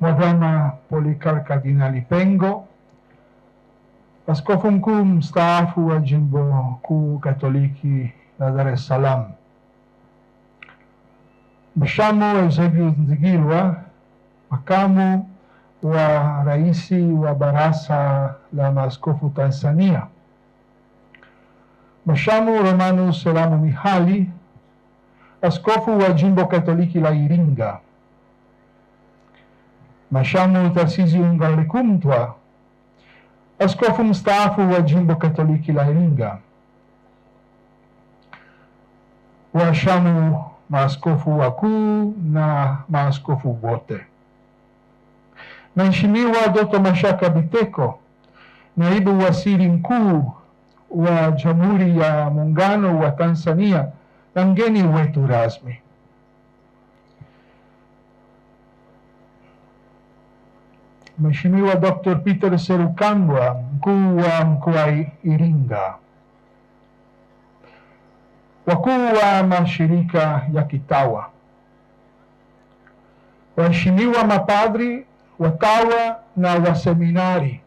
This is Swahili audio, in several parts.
Madama Policar Kardinali Pengo, askofu Funcum, Stafu, wa jimbo kuu katoliki la Dar es Salaam, Mshamu Eusebio Nzigilwa, makamu wa raisi wa barasa la Maaskofu Tanzania, Mshamu Romanus Selamu Mihali, askofu wa jimbo katoliki la Iringa mashamu Tasiziungallikumtwa, askofu mstaafu wa jimbo Katoliki la Iringa, washamu maaskofu wakuu na maaskofu wote, Mheshimiwa Dkt. Mashaka Biteko, naibu waziri mkuu wa Jamhuri ya Muungano wa Tanzania na mgeni wetu rasmi Mheshimiwa Dr. Peter Serukangwa mkuu wa mkoa Iringa, wakuu wa mashirika ya kitawa, waheshimiwa mapadri, watawa na waseminari,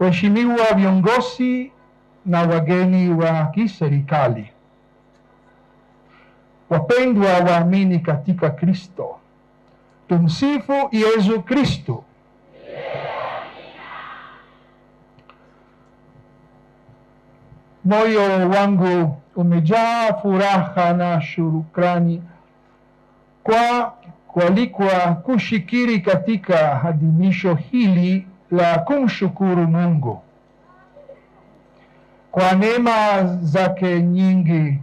waheshimiwa viongozi na wageni wa kiserikali, wapendwa waamini katika Kristo Tumsifu Yesu Kristo. Moyo wangu umejaa furaha na shukrani kwa kualikwa kushikiri katika adhimisho hili la kumshukuru Mungu kwa neema zake nyingi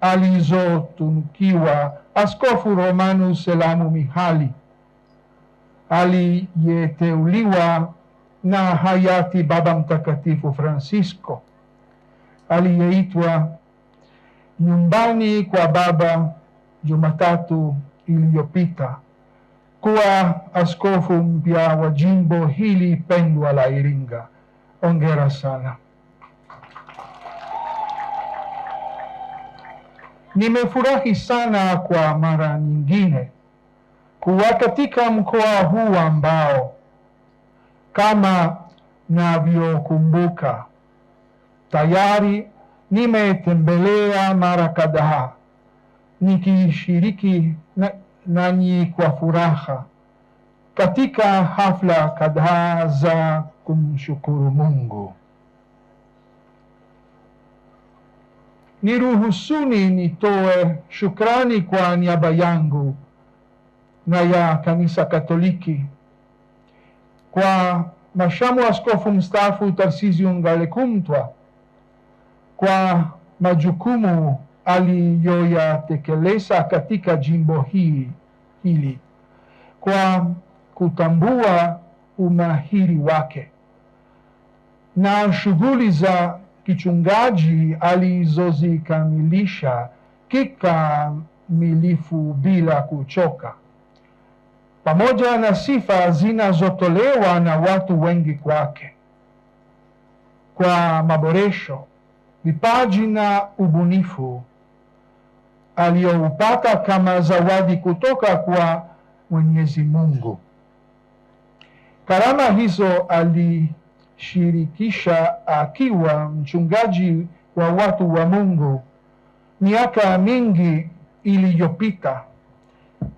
alizotunukiwa Askofu Romanus Selamu Mihali aliyeteuliwa na hayati Baba Mtakatifu Francisco aliyeitwa nyumbani kwa Baba Jumatatu iliyopita kuwa askofu mpya wa jimbo hili pendwa la Iringa. Ongera sana. Nimefurahi sana kwa mara nyingine kuwa katika mkoa huu ambao kama navyokumbuka tayari nimetembelea mara kadhaa nikishiriki nanyi na kwa furaha katika hafla kadhaa za kumshukuru Mungu. Niruhusuni nitoe shukrani kwa niaba yangu na ya Kanisa Katoliki. Kwa mashamu Askofu Mstaafu Tarcisius Ngalalekumtwa kwa majukumu aliyoyatekeleza katika jimbo hii hili kwa kutambua umahiri wake na shughuli za kichungaji alizozikamilisha kikamilifu bila kuchoka pamoja na sifa zinazotolewa na watu wengi kwake kwa maboresho, vipaji na ubunifu aliyoupata kama zawadi kutoka kwa Mwenyezi Mungu. Karama hizo alishirikisha akiwa mchungaji wa watu wa Mungu miaka mingi iliyopita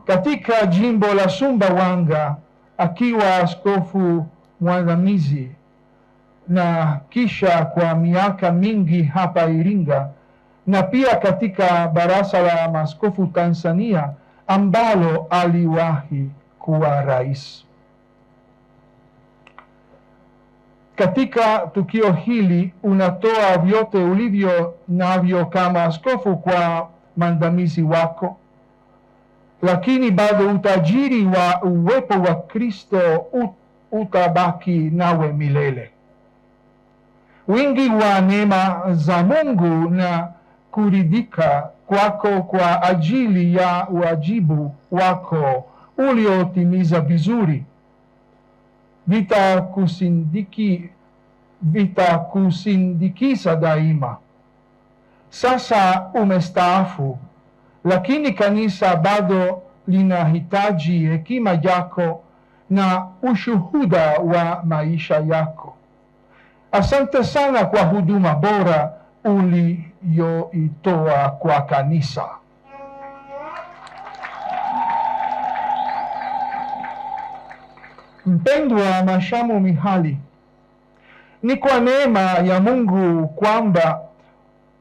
katika jimbo la Sumbawanga akiwa askofu mwandamizi na kisha kwa miaka mingi hapa Iringa na pia katika baraza la maaskofu Tanzania ambalo aliwahi kuwa rais. Katika tukio hili unatoa vyote ulivyo navyo kama askofu kwa mandamizi wako lakini bado utajiri wa uwepo wa Kristo utabaki nawe milele. Wingi wa neema za Mungu na kuridhika kwako kwa ajili ya wajibu wako uliotimiza vizuri vita vitakusindikiza daima. Sasa umestaafu lakini kanisa bado linahitaji hekima yako na ushuhuda wa maisha yako. Asante sana kwa huduma bora uliyoitoa kwa kanisa. Mpendwa Mashamu Mihali, ni kwa neema ya Mungu kwamba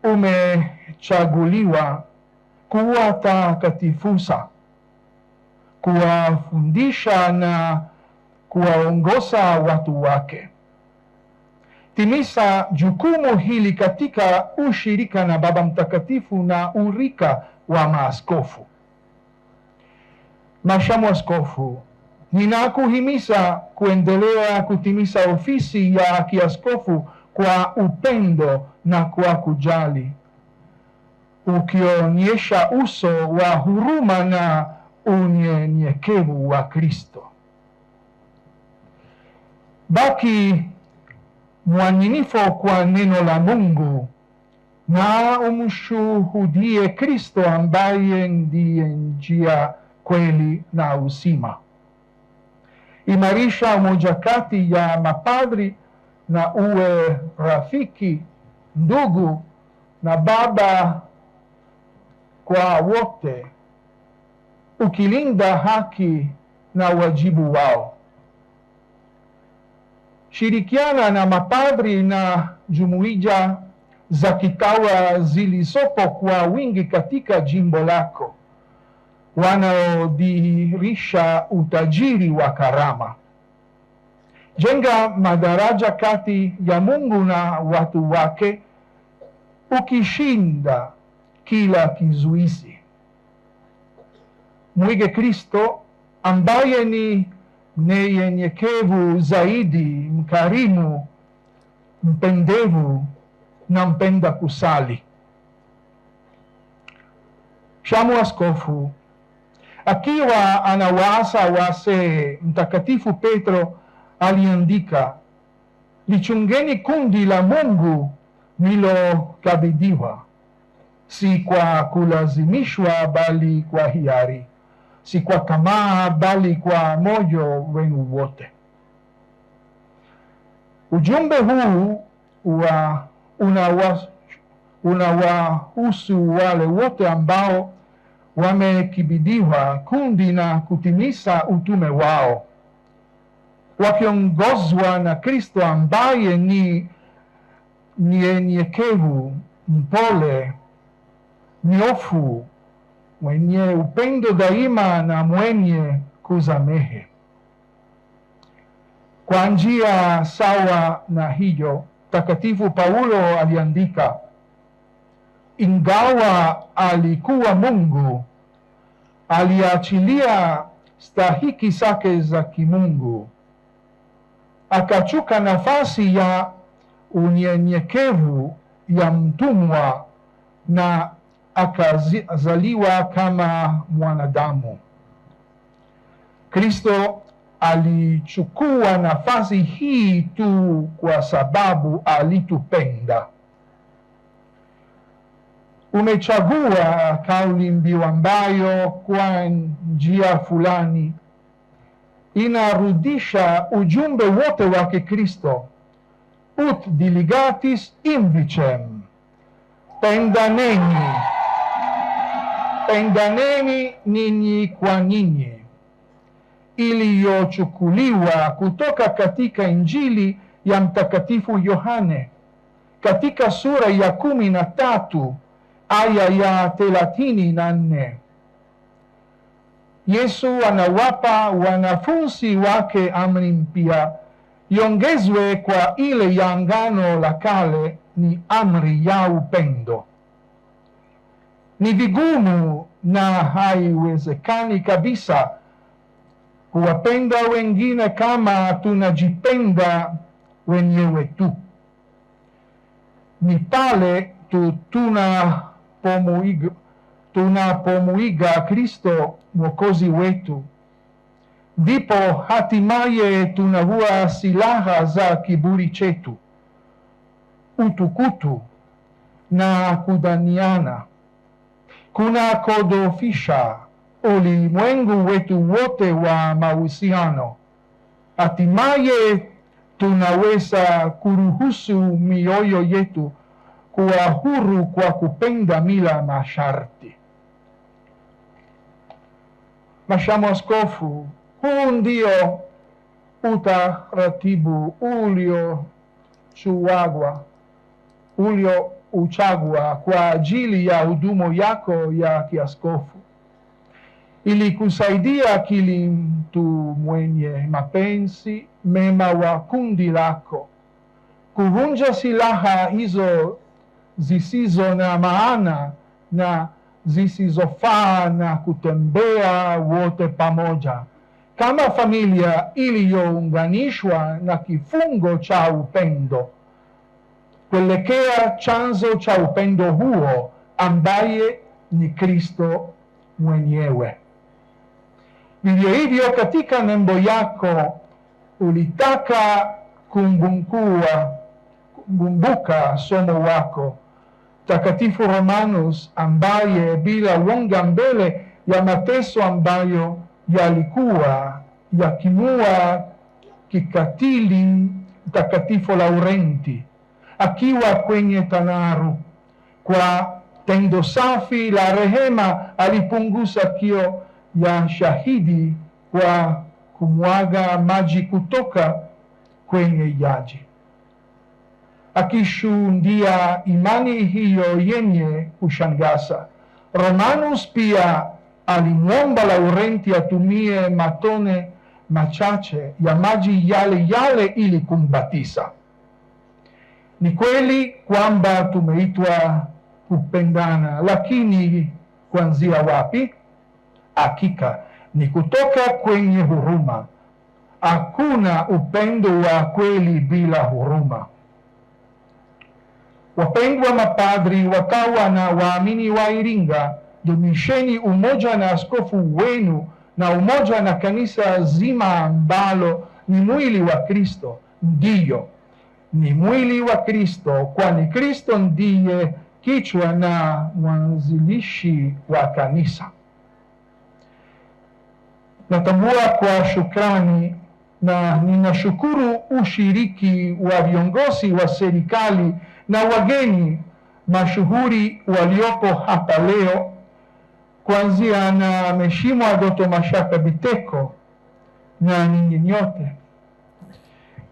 umechaguliwa kuwatakatifusa, kuwafundisha na kuwaongoza watu wake. Timiza jukumu hili katika ushirika na Baba Mtakatifu na urika wa maaskofu. Mashamu Askofu, ninakuhimiza kuendelea kutimiza ofisi ya kiaskofu kwa upendo na kwa kujali ukionyesha uso wa huruma na unyenyekevu wa Kristo. Baki mwaminifu kwa neno la Mungu na umshuhudie Kristo ambaye ndiye njia, kweli na uzima. Imarisha umoja kati ya mapadri na uwe rafiki, ndugu na baba kwa wote ukilinda haki na wajibu wao. Shirikiana na mapadri na jumuiya za kitawa zilizopo kwa wingi katika jimbo lako, wanaodhihirisha utajiri wa karama. Jenga madaraja kati ya Mungu na watu wake, ukishinda kila kizuizi. Mwige Kristo ambaye ni mnyenyekevu zaidi, mkarimu, mpendevu na mpenda kusali. Shamu askofu akiwa anawaasa wase, Mtakatifu Petro aliandika, lichungeni kundi la Mungu milo si kwa kulazimishwa bali kwa hiari, si kwa tamaa bali kwa moyo wenu wote. Ujumbe huu wa unawahusu wale wote ambao wamekibidiwa kundi na kutimisa utume wao wakiongozwa na Kristo ambaye ni nyenyekevu, mpole nyofu, mwenye upendo daima na mwenye kusamehe. Kwa njia sawa na hiyo, takatifu Paulo aliandika, ingawa alikuwa Mungu, aliachilia stahiki zake za kimungu, akachuka nafasi ya unyenyekevu ya mtumwa na akazaliwa kama mwanadamu. Kristo alichukua nafasi hii tu kwa sababu alitupenda. Umechagua kauli mbiu ambayo kwa njia fulani inarudisha ujumbe wote wa Kikristo: ut diligatis indicem, pendaneni pendaneni ninyi kwa ninyi, iliyochukuliwa kutoka katika Injili ya Mtakatifu Yohane katika sura ya kumi na tatu aya ya thelathini na nne. Yesu anawapa wanafunzi wake amri mpya yongezwe kwa ile ya Agano la Kale, ni amri ya upendo ni vigumu na haiwezekani kabisa kuwapenda wengine kama tunajipenda wenyewe tu. Ni pale tu tunapomwiga tuna Kristo Mwokozi wetu, ndipo hatimaye tunavua silaha za kiburi chetu, utukutu na kudhaniana kunakodofisha ulimwengu wetu wote wa mahusiano. Hatimaye tunaweza kuruhusu mioyo yetu kuwa huru kwa kupenda bila masharti. Mhashamu Askofu, huu ndio utaratibu ulio suagwa ulio uchagua kwa ajili ya huduma yako ya kiaskofu ili kusaidia kili mtu mwenye mapenzi mema wa kundi lako kuvunja silaha hizo zisizo na maana na zisizofaa na kutembea wote pamoja kama familia iliyounganishwa na kifungo cha upendo kuelekea chanzo cha upendo huo ambaye ni Kristo mwenyewe. Vivyo hivyo, katika nembo yako ulitaka kumbukua kumbuka somo wako Takatifu Romanus, ambaye bila wonga mbele ya mateso ambayo yalikuwa yakimua kikatili Mtakatifu Laurenti akiwa kwenye tanaru. Kwa tendo safi la rehema, alipunguza kio ya shahidi kwa kumwaga maji kutoka kwenye yaji, akishuhudia imani hiyo yenye kushangaza. Romanus pia alimwomba Laurenti atumie matone machache ya maji yale yale ili kumbatisa. Ni kweli kwamba tumeitwa kupendana, lakini kuanzia wapi? Hakika ni kutoka kwenye huruma. Hakuna upendo wa kweli bila huruma. Wapendwa mapadri, wakawa na waamini wa Iringa, dumisheni umoja na askofu wenu na umoja na kanisa zima ambalo ni mwili wa Kristo. Ndiyo ni mwili wa Kristo, kwani Kristo ndiye kichwa na mwanzilishi wa kanisa. Natambua kwa shukrani na ninashukuru ushiriki wa viongozi wa serikali na wageni mashuhuri waliopo hapa leo, kuanzia na Mheshimiwa Doto Mashaka Biteko na ninyi nyote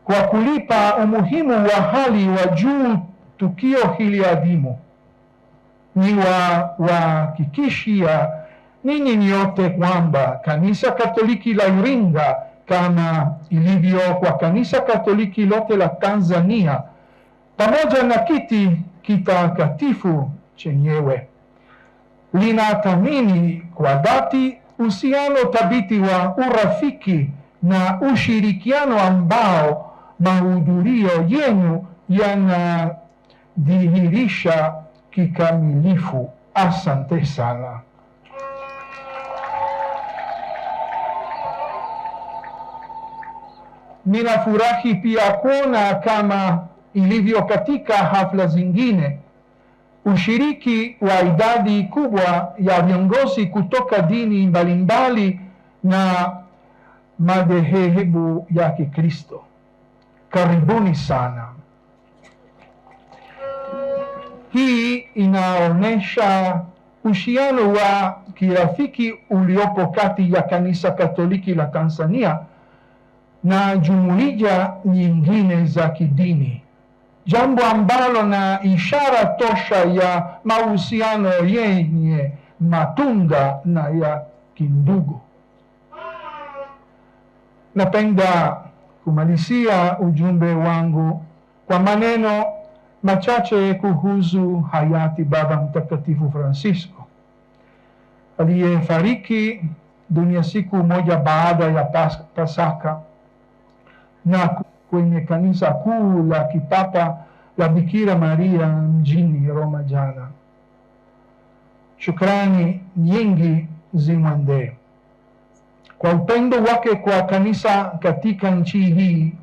kwa kulipa umuhimu wa hali wa juu tukio hili adhimu. Ni wahakikishia ninyi nyote kwamba kanisa Katoliki la Iringa kama ilivyo kwa kanisa Katoliki lote la Tanzania pamoja na kiti kitakatifu chenyewe linathamini kwa dhati uhusiano thabiti wa urafiki na ushirikiano ambao mahudhurio yenu yanadhihirisha kikamilifu. Asante sana. Ninafurahi pia kuona kama ilivyo katika hafla zingine, ushiriki wa idadi kubwa ya viongozi kutoka dini mbalimbali na madhehebu ya Kikristo. Karibuni sana. Hii inaonyesha uhusiano wa kirafiki uliopo kati ya kanisa Katoliki la Tanzania na jumuiya nyingine za kidini, jambo ambalo na ishara tosha ya mahusiano yenye matunda na ya kindugu. Napenda kumalizia ujumbe wangu kwa maneno machache kuhusu hayati Baba Mtakatifu Francisco aliyefariki dunia siku moja baada ya pas Pasaka na kwenye kanisa kuu la kipapa la Bikira Maria mjini Roma jana. Shukrani nyingi zimwendee kwa upendo wake kwa kanisa katika nchi hii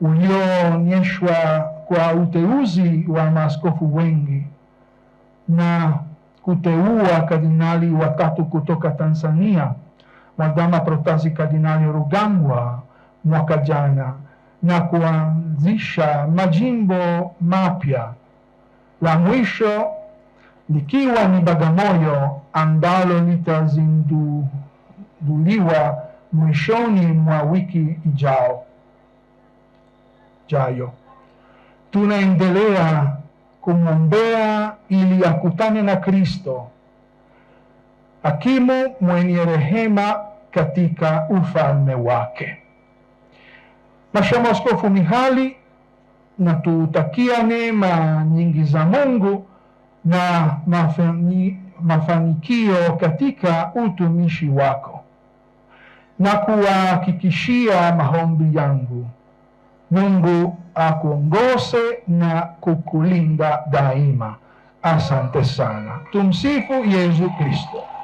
ulionyeshwa kwa uteuzi wa maaskofu wengi na kuteua kardinali watatu kutoka Tanzania, Mwadhama Protasi Kardinali Rugambwa mwaka jana, na kuanzisha majimbo mapya, la mwisho likiwa ni Bagamoyo ambalo litazindua itazinduliwa mwishoni mwa wiki ijao jayo. Tunaendelea kumwombea ili akutane na Kristo, akimu mwenye rehema katika ufalme wake. mashamo Askofu mihali na tutakia neema nyingi za Mungu na mafani, mafanikio katika utumishi wako na kuwahakikishia maombi yangu. Mungu akuongoze na kukulinda daima. Asante sana. Tumsifu Yesu Kristo.